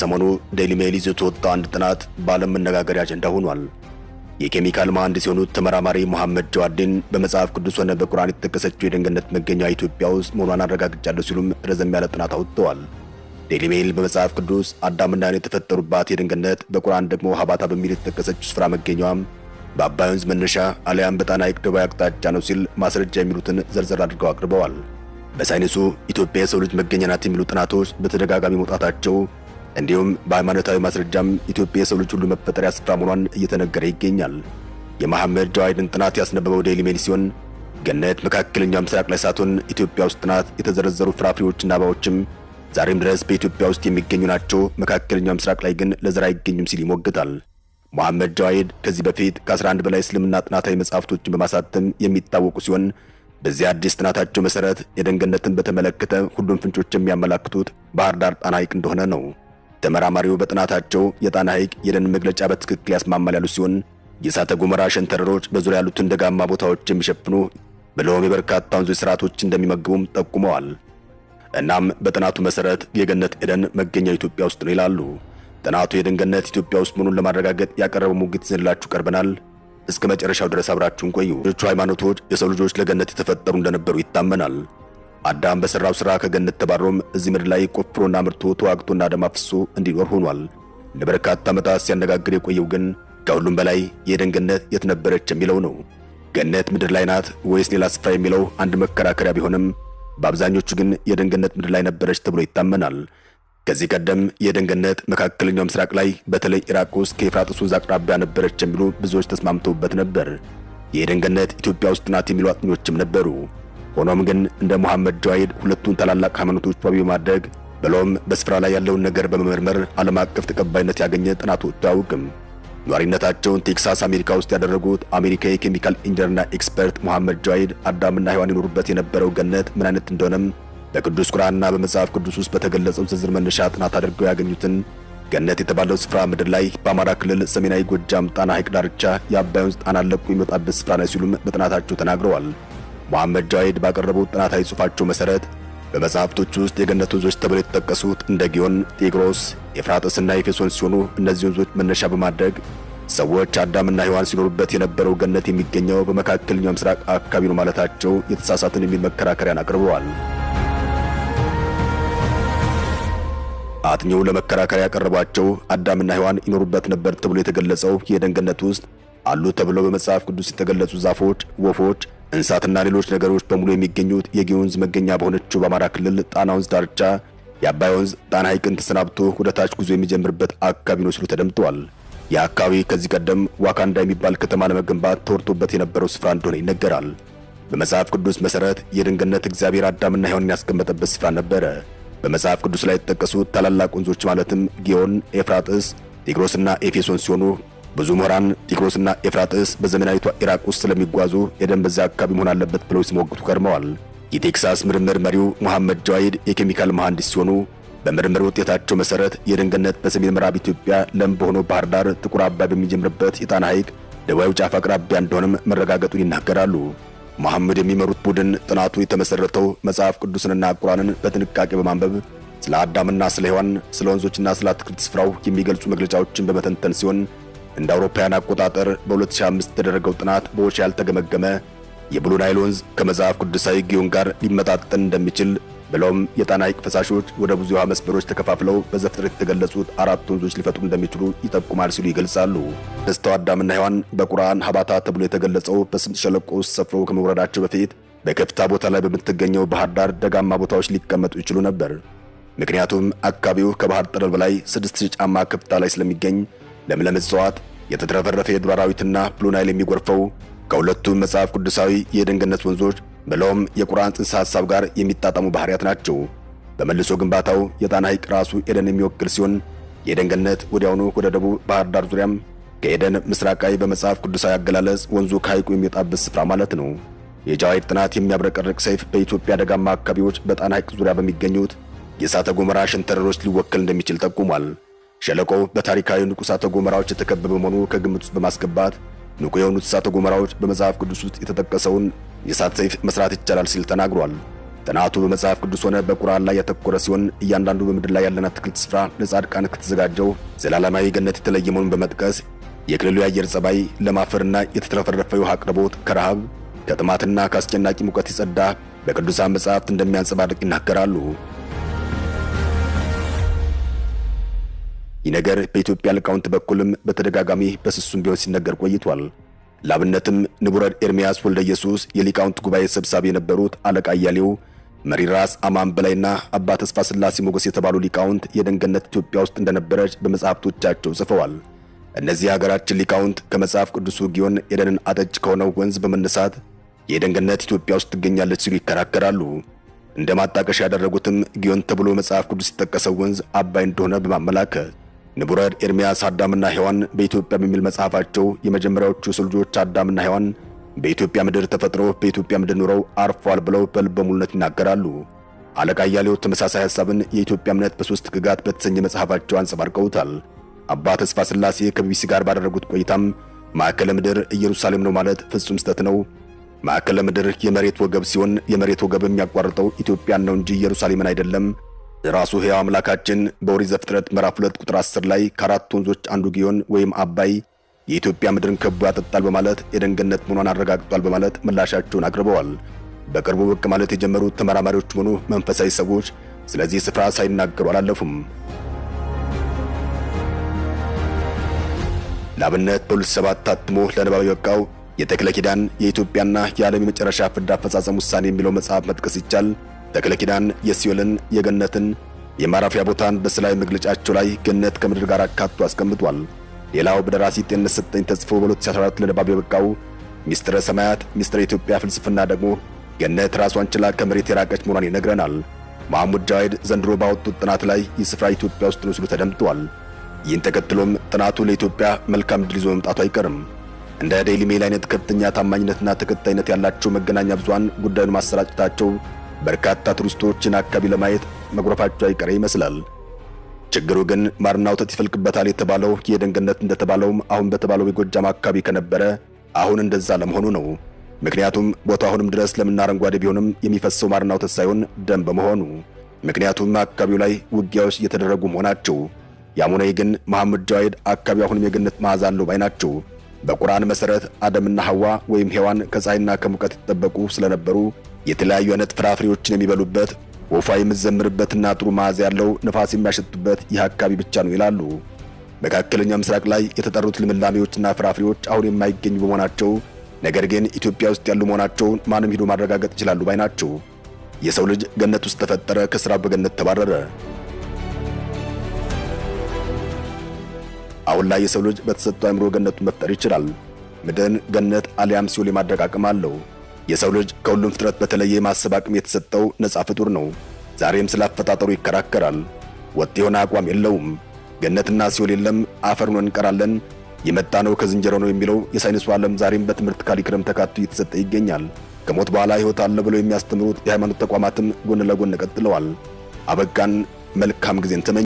ሰሞኑ ዴይሊ ሜል ይዞት የወጣ አንድ ጥናት በዓለም መነጋገሪያ አጀንዳ ሆኗል። የኬሚካል መሐንዲስ የሆኑት ተመራማሪ መሐመድ ጀዋዲን በመጽሐፍ ቅዱስ ሆነ በቁርአን የተጠቀሰችው የደንገነት መገኛ ኢትዮጵያ ውስጥ መሆኗን አረጋግጫለሁ ሲሉም ረዘም ያለ ጥናት አውጥተዋል። ዴይሊ ሜል በመጽሐፍ ቅዱስ አዳምና ሔዋን የተፈጠሩባት የደንገነት በቁርአን ደግሞ ሀባታ በሚል የተጠቀሰችው ስፍራ መገኛዋም በአባይ ወንዝ መነሻ አሊያም በጣና ሐይቅ ደቡባዊ አቅጣጫ ነው ሲል ማስረጃ የሚሉትን ዘርዘር አድርገው አቅርበዋል። በሳይንሱ ኢትዮጵያ የሰው ልጅ መገኛ ናት የሚሉ ጥናቶች በተደጋጋሚ መውጣታቸው እንዲሁም በሃይማኖታዊ ማስረጃም ኢትዮጵያ የሰው ልጅ ሁሉ መፈጠሪያ ስፍራ መሆኗን እየተነገረ ይገኛል። የመሐመድ ጃዋሂድን ጥናት ያስነበበው ዴይሊ ሜል ሲሆን ገነት መካከለኛው ምስራቅ ላይ ሳትሆን ኢትዮጵያ ውስጥ ጥናት የተዘረዘሩ ፍራፍሬዎችና አበባዎችም ዛሬም ድረስ በኢትዮጵያ ውስጥ የሚገኙ ናቸው፣ መካከለኛው ምስራቅ ላይ ግን ለዘር አይገኙም ሲል ይሞግታል። መሐመድ ጃዋሂድ ከዚህ በፊት ከ11 በላይ እስልምና ጥናታዊ መጽሐፍቶችን በማሳተም የሚታወቁ ሲሆን በዚህ አዲስ ጥናታቸው መሰረት የደንገነትን በተመለከተ ሁሉም ፍንጮች የሚያመላክቱት ባህር ዳር ጣና ሐይቅ እንደሆነ ነው። ተመራማሪው በጥናታቸው የጣና ሐይቅ የደን መግለጫ በትክክል ያስማማል ያሉ ሲሆን የእሳተ ገሞራ ሸንተረሮች በዙሪያ ያሉትን ደጋማ ቦታዎች የሚሸፍኑ ብለውም የበርካታ ወንዞች ስርዓቶች እንደሚመግቡም ጠቁመዋል። እናም በጥናቱ መሰረት የገነት ኤደን መገኛው ኢትዮጵያ ውስጥ ነው ይላሉ። ጥናቱ የኤደን ገነት ኢትዮጵያ ውስጥ መሆኑን ለማረጋገጥ ያቀረበው ሙግት ይዘንላችሁ ቀርበናል። እስከ መጨረሻው ድረስ አብራችሁን ቆዩ። ሃይማኖቶች የሰው ልጆች ለገነት የተፈጠሩ እንደነበሩ ይታመናል። አዳም በሰራው ሥራ ከገነት ተባሮም እዚህ ምድር ላይ ቆፍሮና ምርቶ ተዋግቶና ደም አፍሶ እንዲኖር ሆኗል። ለበርካታ ዓመታት ሲያነጋግር የቆየው ግን ከሁሉም በላይ የኤደን ገነት የት ነበረች የሚለው ነው። ገነት ምድር ላይ ናት ወይስ ሌላ ስፍራ የሚለው አንድ መከራከሪያ ቢሆንም በአብዛኞቹ ግን የኤደን ገነት ምድር ላይ ነበረች ተብሎ ይታመናል። ከዚህ ቀደም የኤደን ገነት መካከለኛው ምስራቅ ላይ በተለይ ኢራቅ ውስጥ ከኤፍራጥስ ወንዝ አቅራቢያ ነበረች የሚሉ ብዙዎች ተስማምተውበት ነበር። የኤደን ገነት ኢትዮጵያ ውስጥ ናት የሚሉ አጥኚዎችም ነበሩ። ሆኖም ግን እንደ ሙሐመድ ጃዊድ ሁለቱን ታላላቅ ሃይማኖቶች ዋቢ በማድረግ ብሎም በስፍራ ላይ ያለውን ነገር በመመርመር ዓለም አቀፍ ተቀባይነት ያገኘ ጥናቶች አያውቅም። ነዋሪነታቸውን ቴክሳስ አሜሪካ ውስጥ ያደረጉት አሜሪካዊ ኬሚካል ኢንጂነርና ኤክስፐርት ሙሐመድ ጃዋሂድ አዳምና ሔዋን የኖሩበት የነበረው ገነት ምን አይነት እንደሆነም በቅዱስ ቁርአንና በመጽሐፍ ቅዱስ ውስጥ በተገለጸው ዝርዝር መነሻ ጥናት አድርገው ያገኙትን ገነት የተባለው ስፍራ ምድር ላይ በአማራ ክልል ሰሜናዊ ጎጃም ጣና ሐይቅ ዳርቻ የአባይ ወንዝ ጣናን ለቆ የሚወጣበት ስፍራ ነው ሲሉም በጥናታቸው ተናግረዋል። መሐመድ ጃሂድ ባቀረቡት ጥናታዊ ጽሑፋቸው መሰረት በመጽሐፍቶች ውስጥ የገነት ወንዞች ተብለው የተጠቀሱት እንደ ጊዮን፣ ጤግሮስ፣ ኤፍራጥስና ኤፌሶን ሲሆኑ እነዚህ ወንዞች መነሻ በማድረግ ሰዎች አዳምና ሔዋን ሲኖሩበት የነበረው ገነት የሚገኘው በመካከለኛው ምስራቅ አካባቢ ነው ማለታቸው የተሳሳተን የሚል መከራከሪያን አቅርበዋል። አጥኚው ለመከራከሪያ ያቀረቧቸው አዳምና ሔዋን ይኖሩበት ነበር ተብሎ የተገለጸው የኤደን ገነት ውስጥ አሉ ተብለው በመጽሐፍ ቅዱስ የተገለጹ ዛፎች፣ ወፎች እንስሳትና ሌሎች ነገሮች በሙሉ የሚገኙት የጊ ወንዝ መገኛ በሆነችው በአማራ ክልል ጣና ወንዝ ዳርቻ የአባይ ወንዝ ጣና ሐይቅን ተሰናብቶ ወደ ታች ጉዞ የሚጀምርበት አካባቢ ነው ሲሉ ተደምጠዋል። ይህ አካባቢ ከዚህ ቀደም ዋካንዳ የሚባል ከተማ ለመገንባት ተወርቶበት የነበረው ስፍራ እንደሆነ ይነገራል። በመጽሐፍ ቅዱስ መሠረት የድንገነት እግዚአብሔር አዳምና ሔዋንን ያስቀመጠበት ስፍራ ነበረ። በመጽሐፍ ቅዱስ ላይ የተጠቀሱት ታላላቅ ወንዞች ማለትም ጊዮን፣ ኤፍራጥስ፣ ቴግሮስና ኤፌሶን ሲሆኑ ብዙ ምሁራን ቲግሮስና ኤፍራጥስ በዘመናዊቷ ኢራቅ ውስጥ ስለሚጓዙ የደን በዛ አካባቢ መሆን አለበት ብለው ሲሞግቱ ከርመዋል። የቴክሳስ ምርምር መሪው መሐመድ ጀዋይድ የኬሚካል መሐንዲስ ሲሆኑ በምርምር ውጤታቸው መሰረት የደን ገነት በሰሜን ምዕራብ ኢትዮጵያ ለም በሆነው ባህር ዳር ጥቁር አባይ በሚጀምርበት የጣና ሐይቅ ደቡባዊ ጫፍ አቅራቢያ እንደሆነም መረጋገጡን ይናገራሉ። መሐመድ የሚመሩት ቡድን ጥናቱ የተመሰረተው መጽሐፍ ቅዱስንና ቁርአንን በጥንቃቄ በማንበብ ስለ አዳምና ስለ ሔዋን ስለ ወንዞችና ስለ አትክልት ስፍራው የሚገልጹ መግለጫዎችን በመተንተን ሲሆን እንደ አውሮፓውያን አቆጣጠር በ2005 የተደረገው ጥናት በውጭ ያልተገመገመ የብሉ ናይል ወንዝ ከመጽሐፍ ቅዱሳዊ ጊዮን ጋር ሊመጣጠን እንደሚችል ብለውም የጣና ሐይቅ ፈሳሾች ወደ ብዙ ውሃ መስመሮች ተከፋፍለው በዘፍጥረት የተገለጹት አራት ወንዞች ሊፈጥሩ እንደሚችሉ ይጠቁማል ሲሉ ይገልጻሉ። ደስተው አዳምና ሔዋን በቁርአን ሀባታ ተብሎ የተገለጸው በስምጥ ሸለቆ ውስጥ ሰፍረው ከመውረዳቸው በፊት በከፍታ ቦታ ላይ በምትገኘው ባህር ዳር ደጋማ ቦታዎች ሊቀመጡ ይችሉ ነበር። ምክንያቱም አካባቢው ከባህር ጠለል በላይ 6000 ጫማ ከፍታ ላይ ስለሚገኝ ለምለም እጽዋት፣ የተትረፈረፈ የዱር አራዊትና ብሉ ናይል የሚጎርፈው ከሁለቱም መጽሐፍ ቅዱሳዊ የደንገነት ወንዞች ብለውም የቁርአን ጽንሰ ሐሳብ ጋር የሚጣጣሙ ባህሪያት ናቸው። በመልሶ ግንባታው የጣና ሐይቅ ራሱ ኤደን የሚወክል ሲሆን የደንገነት ወዲያውኑ ወደ ደቡብ ባህር ዳር ዙሪያም ከኤደን ምስራቃዊ በመጽሐፍ ቅዱሳዊ አገላለጽ ወንዙ ከሐይቁ የሚወጣበት ስፍራ ማለት ነው። የጃዋሂድ ጥናት የሚያብረቀርቅ ሰይፍ በኢትዮጵያ ደጋማ አካባቢዎች በጣና ሐይቅ ዙሪያ በሚገኙት የእሳተ ገሞራ ሸንተረሮች ሊወክል እንደሚችል ጠቁሟል። ሸለቆው በታሪካዊ ንቁ እሳተ ገሞራዎች የተከበበ መሆኑ ከግምት ውስጥ በማስገባት ንቁ የሆኑት እሳተ ገሞራዎች በመጽሐፍ ቅዱስ ውስጥ የተጠቀሰውን የእሳት ሰይፍ መስራት ይቻላል ሲል ተናግሯል። ጥናቱ በመጽሐፍ ቅዱስ ሆነ በቁርአን ላይ ያተኮረ ሲሆን እያንዳንዱ በምድር ላይ ያለን አትክልት ስፍራ ለጻድቃን ከተዘጋጀው ዘላለማዊ ገነት የተለየ መሆኑን በመጥቀስ የክልሉ የአየር ጸባይ ለማፈርና የተትረፈረፈ የውሃ አቅርቦት ከረሃብ ከጥማትና ከአስጨናቂ ሙቀት የጸዳ በቅዱሳን መጽሐፍት እንደሚያንጸባርቅ ይናገራሉ። ይህ ነገር በኢትዮጵያ ሊቃውንት በኩልም በተደጋጋሚ በስሱም ቢሆን ሲነገር ቆይቷል። ላብነትም ንቡረ ኤርምያስ ወልደ ኢየሱስ የሊቃውንት ጉባኤ ሰብሳቢ የነበሩት አለቃ አያሌው መሪ ራስ አማን በላይና አባ ተስፋ ስላሴ ሞገስ የተባሉ ሊቃውንት የደንገነት ኢትዮጵያ ውስጥ እንደነበረች በመጽሐፍቶቻቸው ጽፈዋል። እነዚህ የሀገራችን ሊቃውንት ከመጽሐፍ ቅዱሱ ጊዮን የደንን አጠጭ ከሆነው ወንዝ በመነሳት የደንገነት ኢትዮጵያ ውስጥ ትገኛለች ሲሉ ይከራከራሉ። እንደ ማጣቀሻ ያደረጉትም ጊዮን ተብሎ መጽሐፍ ቅዱስ የጠቀሰው ወንዝ አባይ እንደሆነ በማመላከት ንቡረድ ኤርሚያስ አዳምና ሔዋን በኢትዮጵያ በሚል መጽሐፋቸው የመጀመሪያዎቹ የሰው ልጆች አዳምና ሔዋን በኢትዮጵያ ምድር ተፈጥረው በኢትዮጵያ ምድር ኑረው አርፏል ብለው በልበ ሙሉነት ይናገራሉ። አለቃ አያሌው ተመሳሳይ ሐሳብን የኢትዮጵያ እምነት በሶስት ግጋት በተሰኘ መጽሐፋቸው አንጸባርቀውታል። አባ ተስፋ ሥላሴ ከቢቢሲ ጋር ባደረጉት ቆይታም ማዕከለ ምድር ኢየሩሳሌም ነው ማለት ፍጹም ስተት ነው። ማዕከለ ምድር የመሬት ወገብ ሲሆን የመሬት ወገብ የሚያቋርጠው ኢትዮጵያን ነው እንጂ ኢየሩሳሌምን አይደለም ራሱ ሕያው አምላካችን በኦሪት ዘፍጥረት ምዕራፍ 2 ቁጥር 10 ላይ ከአራት ወንዞች አንዱ ጊዮን ወይም አባይ የኢትዮጵያ ምድርን ከቦ ያጠጣል በማለት የደን ገነት መሆኗን አረጋግጧል በማለት ምላሻቸውን አቅርበዋል። በቅርቡ ብቅ ማለት የጀመሩት ተመራማሪዎች ሆኑ መንፈሳዊ ሰዎች ስለዚህ ስፍራ ሳይናገሩ አላለፉም። ለአብነት በሁለት ሰባት ታትሞ ለንባብ የበቃው የተክለ ኪዳን የኢትዮጵያና የዓለም የመጨረሻ ፍርድ አፈጻጸም ውሳኔ የሚለው መጽሐፍ መጥቀስ ይቻል። ተክለ ኪዳን የሲኦልን የገነትን የማረፊያ ቦታን በስዕላዊ መግለጫቸው ላይ ገነት ከምድር ጋር አካቶ አስቀምጧል። ሌላው በደራሲ ጤንነት ሰጠኝ ተጽፎ በ2014 ለንባብ የበቃው ሚስጥረ ሰማያት ሚስጥረ ኢትዮጵያ ፍልስፍና ደግሞ ገነት ራሷን ችላ ከመሬት የራቀች መሆኗን ይነግረናል። መሐሙድ ጃዋይድ ዘንድሮ ባወጡት ጥናት ላይ ይህ ስፍራ ኢትዮጵያ ውስጥ ነው ሲሉ ተደምጧል። ይህን ተከትሎም ጥናቱ ለኢትዮጵያ መልካም ድል ይዞ መምጣቱ አይቀርም። እንደ ዴይሊ ሜል አይነት ከፍተኛ ታማኝነትና ተከታይነት ያላቸው መገናኛ ብዙሃን ጉዳዩን ማሰራጨታቸው በርካታ ቱሪስቶችን አካባቢ ለማየት መጉረፋቸው አይቀረ ይመስላል። ችግሩ ግን ማርና ወተት ይፈልቅበታል የተባለው የደንገነት እንደተባለውም አሁን በተባለው የጎጃም አካባቢ ከነበረ አሁን እንደዛ ለመሆኑ ነው። ምክንያቱም ቦታው አሁንም ድረስ ለምና አረንጓዴ ቢሆንም የሚፈሰው ማርና ወተት ሳይሆን ደም በመሆኑ ምክንያቱም አካባቢው ላይ ውጊያዎች እየተደረጉ መሆናቸው። ያሙነይ ግን መሐመድ ጃዋሂድ አካባቢው አሁንም የገነት መዓዛ አለው ባይ ናቸው። በቁርአን መሰረት አደምና ሐዋ ወይም ሔዋን ከፀሐይና ከሙቀት ይጠበቁ ስለነበሩ የተለያዩ አይነት ፍራፍሬዎችን የሚበሉበት ወፏ የምትዘምርበትና ጥሩ መዓዛ ያለው ነፋስ የሚያሸቱበት ይህ አካባቢ ብቻ ነው ይላሉ። መካከለኛ ምስራቅ ላይ የተጠሩት ልምላሜዎችና ፍራፍሬዎች አሁን የማይገኙ በመሆናቸው ነገር ግን ኢትዮጵያ ውስጥ ያሉ መሆናቸውን ማንም ሂዶ ማረጋገጥ ይችላሉ ባይ ናቸው። የሰው ልጅ ገነት ውስጥ ተፈጠረ፣ ከስራ በገነት ተባረረ። አሁን ላይ የሰው ልጅ በተሰጠው አእምሮ ገነቱን መፍጠር ይችላል። ምድን ገነት አሊያም ሲኦል የማድረግ አቅም አለው። የሰው ልጅ ከሁሉም ፍጥረት በተለየ የማሰብ አቅም የተሰጠው ነጻ ፍጡር ነው። ዛሬም ስለ አፈጣጠሩ ይከራከራል። ወጥ የሆነ አቋም የለውም። ገነትና ሲኦል የለም፣ አፈር ሆነን እንቀራለን፣ የመጣ ነው ከዝንጀሮ ነው የሚለው የሳይንሱ ዓለም ዛሬም በትምህርት ካሊክረም ተካቶ እየተሰጠ ይገኛል። ከሞት በኋላ ሕይወት አለ ብለው የሚያስተምሩት የሃይማኖት ተቋማትም ጎን ለጎን ቀጥለዋል። አበቃን። መልካም ጊዜን ተመኝ